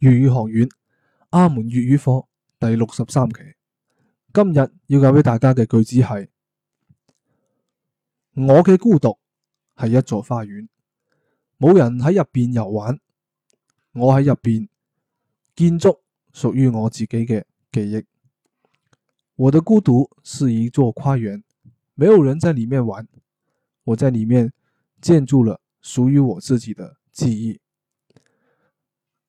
粵語學院《阿門粵語課》第六十三期，今日要教俾大家嘅句子係：我嘅孤獨係一座花園，冇人喺入邊遊玩，我喺入邊建築屬於我自己嘅記憶。我的孤獨是一座花園，沒有人在裏面玩，我在裏面建築了屬於我自己的記憶。